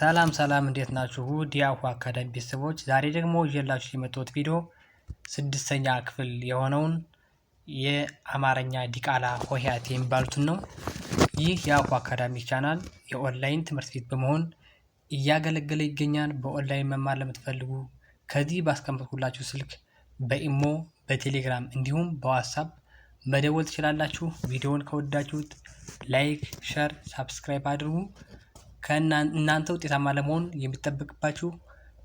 ሰላም ሰላም እንዴት ናችሁ? ውድ የአሁ አካዳሚ ቤተሰቦች ዛሬ ደግሞ ይዤላችሁ የመጣሁት ቪዲዮ ስድስተኛ ክፍል የሆነውን የአማርኛ ዲቃላ ሆሄያት የሚባሉትን ነው። ይህ የአሁ አካዳሚ ቻናል የኦንላይን ትምህርት ቤት በመሆን እያገለገለ ይገኛል። በኦንላይን መማር ለምትፈልጉ ከዚህ ባስቀመጥኩላችሁ ስልክ በኢሞ በቴሌግራም እንዲሁም በዋትሳፕ መደወል ትችላላችሁ። ቪዲዮውን ከወዳችሁት ላይክ፣ ሸር፣ ሳብስክራይብ አድርጉ። ከእናንተ ውጤታማ ለመሆን የሚጠበቅባችሁ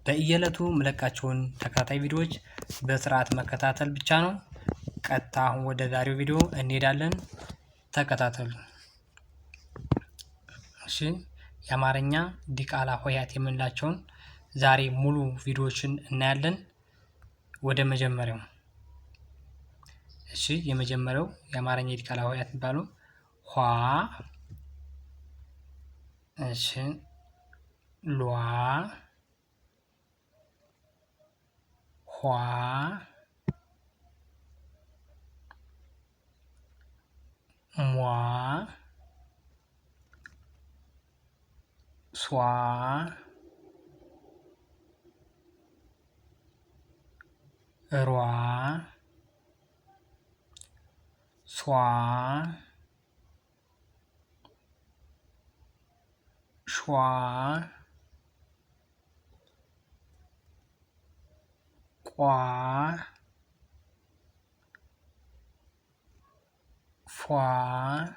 በየዕለቱ ምለቃቸውን ተከታታይ ቪዲዮዎች በስርዓት መከታተል ብቻ ነው። ቀጥታ አሁን ወደ ዛሬው ቪዲዮ እንሄዳለን። ተከታተሉ። እሺ፣ የአማርኛ ዲቃላ ሆሄያት የምንላቸውን ዛሬ ሙሉ ቪዲዮዎችን እናያለን። ወደ መጀመሪያው እሺ፣ የመጀመሪያው የአማርኛ ዲቃላ ሆሄያት የሚባለው ኋ እሺ ሏ ኋ ሟ ሷ ሯ ሷ Chua. Quoi. Fois.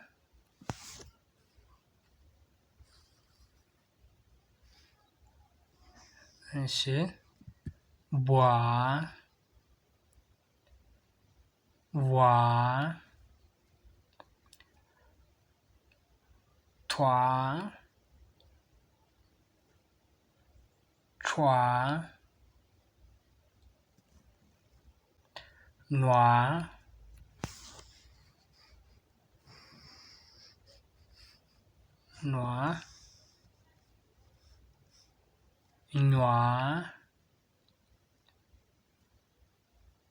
Ainsi. Bois. Vois. Toi. xóa nóa nóa nóa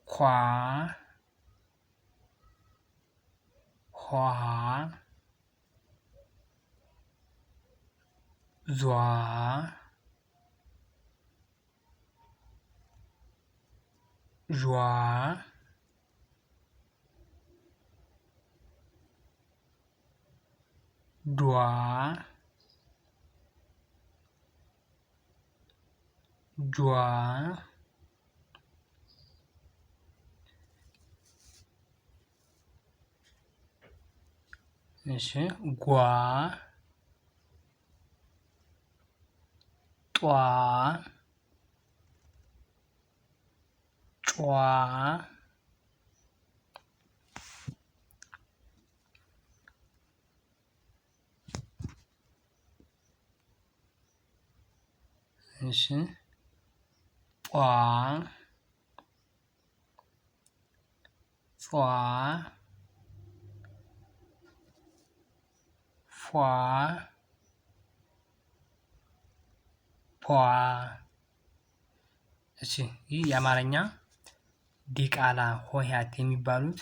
khóa khóa dọa ዥ ዷ ጇ እሺ ጓ ጧ ጯ እሺ ቋ ጿ ፏ ፏ እሺ ይህ የአማርኛ ዲቃላ፣ ሆሄያት የሚባሉት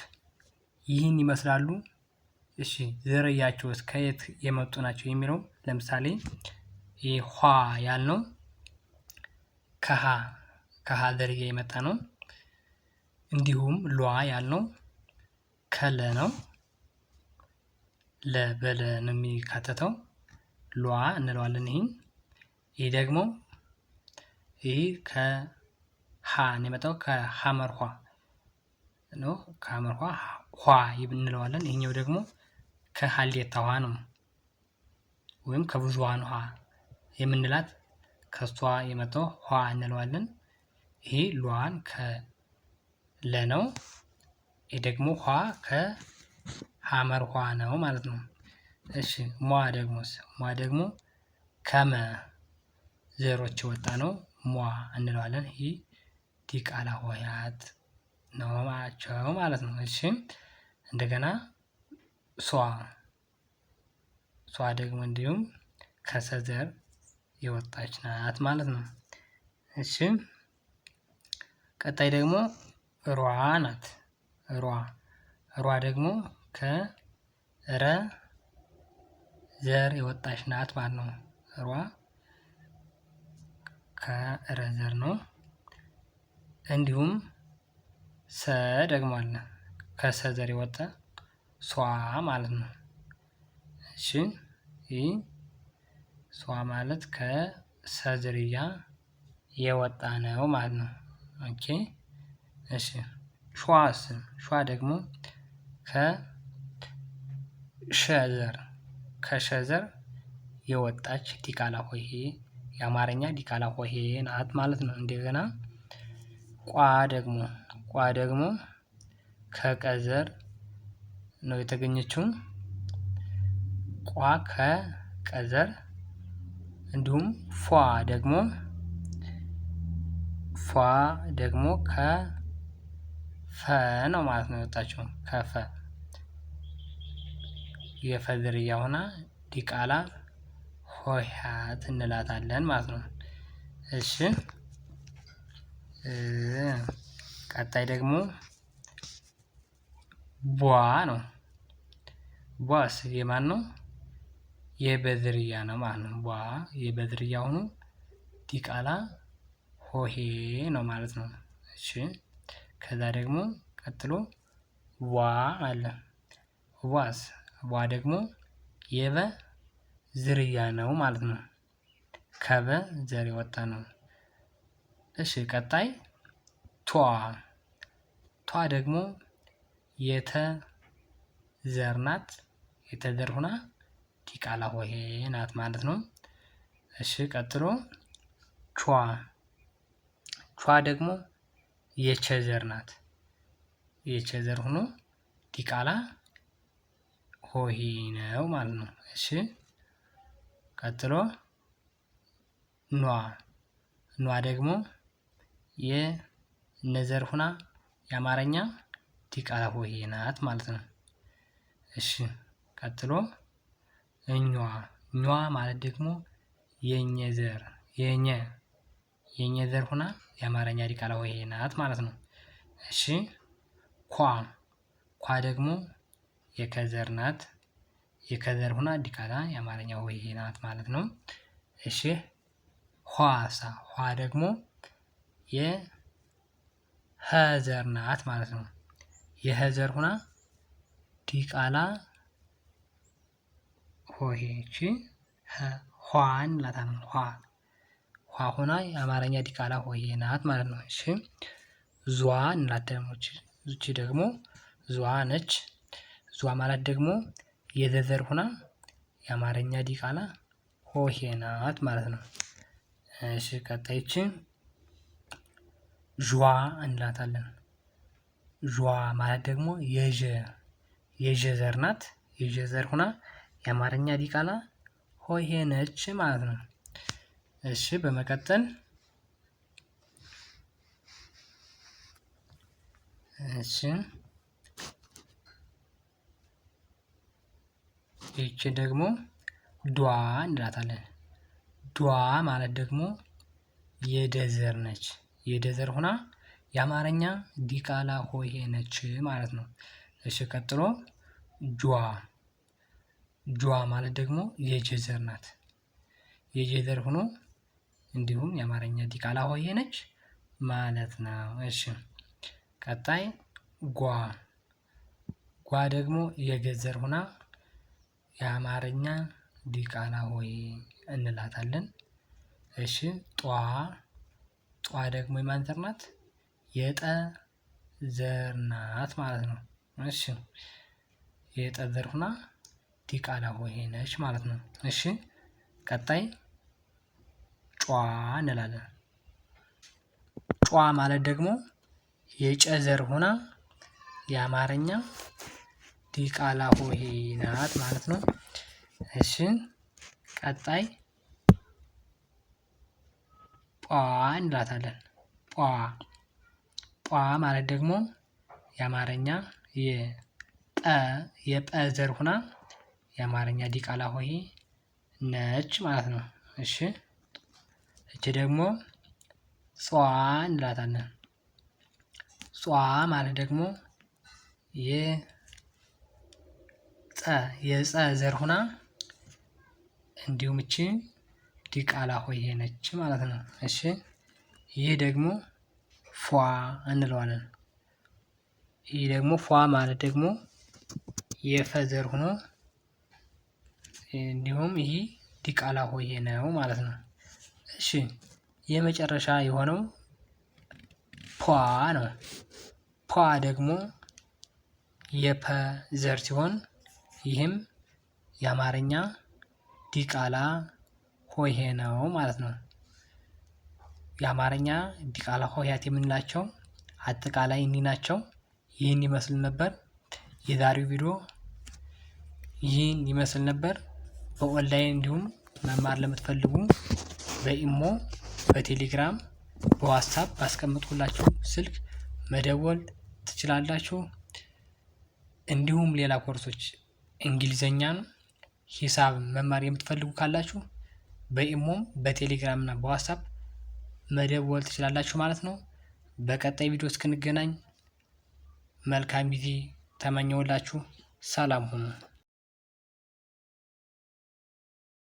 ይህን ይመስላሉ። እሺ ዝርያቸውስ ከየት የመጡ ናቸው የሚለው ለምሳሌ ኋ ያልነው ከሀ ከሀ ዝርያ የመጣ ነው። እንዲሁም ሏ ያልነው ከለ ነው። ለበለ ነው የሚካተተው ሏ እንለዋለን። ይህን ይህ ደግሞ ይህ ከ ሀ ነው የመጣው ከሀመር ኋ ነው። ከሀመር ኋ ኋ እንለዋለን። ይሄኛው ደግሞ ከሀሌታ ውሃ ነው ወይም ከብዙሃን ውሃ የምንላት ከሷ የመጣው ውሃ እንለዋለን። ይሄ ሏን ከለ ነው። ይሄ ደግሞ ውሃ ከሀመር ውሃ ነው ማለት ነው። እሺ ሟ ደግሞ ሟ ደግሞ ከመ ዘሮች የወጣ ነው። ሟ እንለዋለን። ይሄ ዲቃላ ሆሄያት ነው ማለት ነው። እሺ እንደገና ሷ ሷ ደግሞ እንዲሁም ከሰዘር የወጣች ናት ማለት ነው። እሺ ቀጣይ ደግሞ ሯ ናት። ሯ ሯ ደግሞ ከረ ዘር የወጣች ናት ማለት ነው። ሯ ከረ ዘር ነው። እንዲሁም ሰ ደግሞ አለ ከሰ ዘር የወጣ ሷ ማለት ነው። እሺ ይህ ሷ ማለት ከሰ ዝርያ የወጣ ነው ማለት ነው። ኦኬ እሺ ሸዋስ ሸዋ ደግሞ ከሸዘር ከሸዘር የወጣች ዲቃላ ሆሄ የአማርኛ ዲቃላ ሆሄ ናት ማለት ነው። እንደገና ቋ ደግሞ ቋ ደግሞ ከቀዘር ነው የተገኘችው። ቋ ከቀዘር እንዲሁም ፏ ደግሞ ፏ ደግሞ ከፈ ነው ማለት ነው የወጣችው ከፈ የፈ ዝርያ ሆና ዲቃላ ሆሄያት እንላታለን ማለት ነው። እሺ ቀጣይ ደግሞ ቧ ነው። ቧስ የማን ነው? የበዝርያ ነው ማለት ነው። ቧ የበዝርያ ሆኖ ዲቃላ ሆሄ ነው ማለት ነው። እሺ ከዛ ደግሞ ቀጥሎ ዋ አለ። ዋስ ዋ ደግሞ የበ ዝርያ ነው ማለት ነው። ከበ ዘር የወጣ ነው። እሺ ቀጣይ ቷ ቷ ደግሞ የተ ዘርናት ናት የተዘር ሁና ዲቃላ ሆሄ ናት ማለት ነው። እሺ ቀጥሎ ቿ ቿ ደግሞ የቸዘር ናት የቸዘር ሁኖ ዲቃላ ሆሄ ነው ማለት ነው። እሺ ቀጥሎ ኗ ኗ ደግሞ የነዘር ሁና የአማርኛ ዲቃላ ሆሄ ናት ማለት ነው። እሺ ቀጥሎ እኛ እኛ ማለት ደግሞ የኘዘር የኘ የኘዘር ሁና የአማርኛ ዲቃላ ሆሄ ናት ማለት ነው። እሺ ኳ ኳ ደግሞ የከዘር ናት የከዘር ሁና ዲቃላ የአማርኛ ሆሄ ናት ማለት ነው። እሺ ኋሳ ኋ ደግሞ የሀዘር ናት ማለት ነው። የሀዘር ሁና ዲቃላ ሆሄች ኋ ላታ ኋ ኋ ሆና የአማርኛ ዲቃላ ሆሄ ናት ማለት ነው። እሺ ዟ እንላት ደግሞ እቺ ደግሞ ዟ ነች። ዟ ማለት ደግሞ የዘዘር ሁና የአማርኛ ዲቃላ ሆሄ ናት ማለት ነው። እሺ ቀጣይችን ዥዋ እንላታለን። ዥዋ ማለት ደግሞ የዥ ዘር ናት። የዥ ዘር ሁና የአማርኛ ዲቃላ ሆሄ ነች ማለት ነው። እሺ በመቀጠል እሺ ይቺ ደግሞ ዷ እንላታለን። ዷ ማለት ደግሞ የደዘር ነች። የደዘር ሆና የአማርኛ ዲቃላ ሆሄ ነች ማለት ነው። እሺ ቀጥሎ ጇ ጇ ማለት ደግሞ የጀዘር ናት። የጀዘር ሆኖ እንዲሁም የአማርኛ ዲቃላ ሆሄ ነች ማለት ነው። እሺ ቀጣይ ጓ ጓ ደግሞ የገዘር ሆና የአማርኛ ዲቃላ ሆሄ እንላታለን። እሺ ጧ ጧ ደግሞ የማንተር ናት የጠ ዘር ናት ማለት ነው። እሺ የጠ ዘር ሁና ዲቃላ ሆሄ ነች ማለት ነው። እሺ ቀጣይ ጯ እንላለን። ጯ ማለት ደግሞ የጨ ዘር ሆና የአማርኛ ዲቃላ ሆሄ ናት ማለት ነው። እሺ ቀጣይ እንላታለን። ጧ ማለት ደግሞ የአማርኛ የጠ የጠ ዘር ሁና የአማርኛ ዲቃላ ሆሄ ነች ማለት ነው። እሺ እቺ ደግሞ ጿ እንላታለን። ጿ ማለት ደግሞ የጸ የጸ ዘር ሁና እንዲሁም እቺ ዲቃላ ሆሄ ነች ማለት ነው። እሺ ይህ ደግሞ ፏ እንለዋለን። ይህ ደግሞ ፏ ማለት ደግሞ የፈዘር ሆኖ እንዲሁም ይህ ዲቃላ ሆሄ ነው ማለት ነው። እሺ የመጨረሻ የሆነው ፖ ነው። ፖ ደግሞ የፐ ዘር ሲሆን ይህም የአማርኛ ዲቃላ ሆሄ ነው ማለት ነው። የአማርኛ ዲቃላ ሆሄያት የምንላቸው አጠቃላይ እኒ ናቸው። ይህን ይመስል ነበር የዛሬው ቪዲዮ። ይህን ይመስል ነበር። በኦንላይን እንዲሁም መማር ለምትፈልጉ በኢሞ፣ በቴሌግራም፣ በዋትሳፕ ባስቀምጡላችሁ ስልክ መደወል ትችላላችሁ። እንዲሁም ሌላ ኮርሶች እንግሊዘኛን ሂሳብ መማር የምትፈልጉ ካላችሁ በኢሞም በቴሌግራም እና በዋትሳፕ መደወል ትችላላችሁ ማለት ነው። በቀጣይ ቪዲዮ እስክንገናኝ መልካም ጊዜ ተመኘውላችሁ። ሰላም ሁኑ።